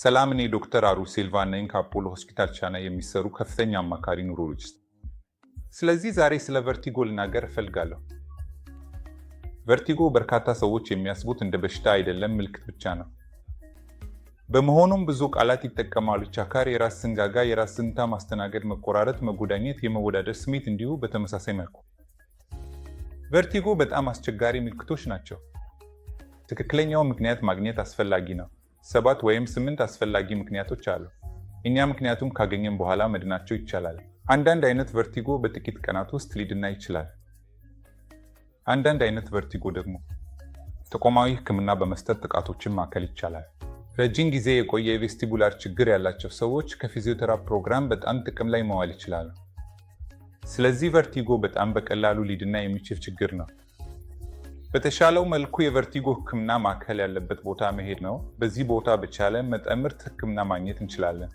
ሰላም፣ እኔ ዶክተር አሩ ሲልቫ ነኝ ከአፖሎ ሆስፒታል ቻና የሚሰሩ ከፍተኛ አማካሪ ኑሮሎጂስት። ስለዚህ ዛሬ ስለ ቨርቲጎ ልናገር እፈልጋለሁ። ቨርቲጎ በርካታ ሰዎች የሚያስቡት እንደ በሽታ አይደለም፣ ምልክት ብቻ ነው። በመሆኑም ብዙ ቃላት ይጠቀማሉ። ቻካር፣ የራስ ስንጋጋ፣ የራስ ማስተናገድ፣ መቆራረጥ፣ መጎዳኘት፣ የመወዳደር ስሜት እንዲሁ በተመሳሳይ መልኩ። ቨርቲጎ በጣም አስቸጋሪ ምልክቶች ናቸው። ትክክለኛው ምክንያት ማግኘት አስፈላጊ ነው። ሰባት ወይም ስምንት አስፈላጊ ምክንያቶች አሉ። እኛ ምክንያቱም ካገኘን በኋላ መድናቸው ይቻላል። አንዳንድ አይነት ቨርቲጎ በጥቂት ቀናት ውስጥ ሊድና ይችላል። አንዳንድ አይነት ቨርቲጎ ደግሞ ተቋማዊ ሕክምና በመስጠት ጥቃቶችን ማከል ይቻላል። ረጅም ጊዜ የቆየ የቬስቲቡላር ችግር ያላቸው ሰዎች ከፊዚዮቴራፒ ፕሮግራም በጣም ጥቅም ላይ መዋል ይችላሉ። ስለዚህ ቨርቲጎ በጣም በቀላሉ ሊድና የሚችል ችግር ነው። በተሻለው መልኩ የቨርቲጎ ህክምና ማዕከል ያለበት ቦታ መሄድ ነው። በዚህ ቦታ በቻለ መጠን ምርጥ ህክምና ማግኘት እንችላለን።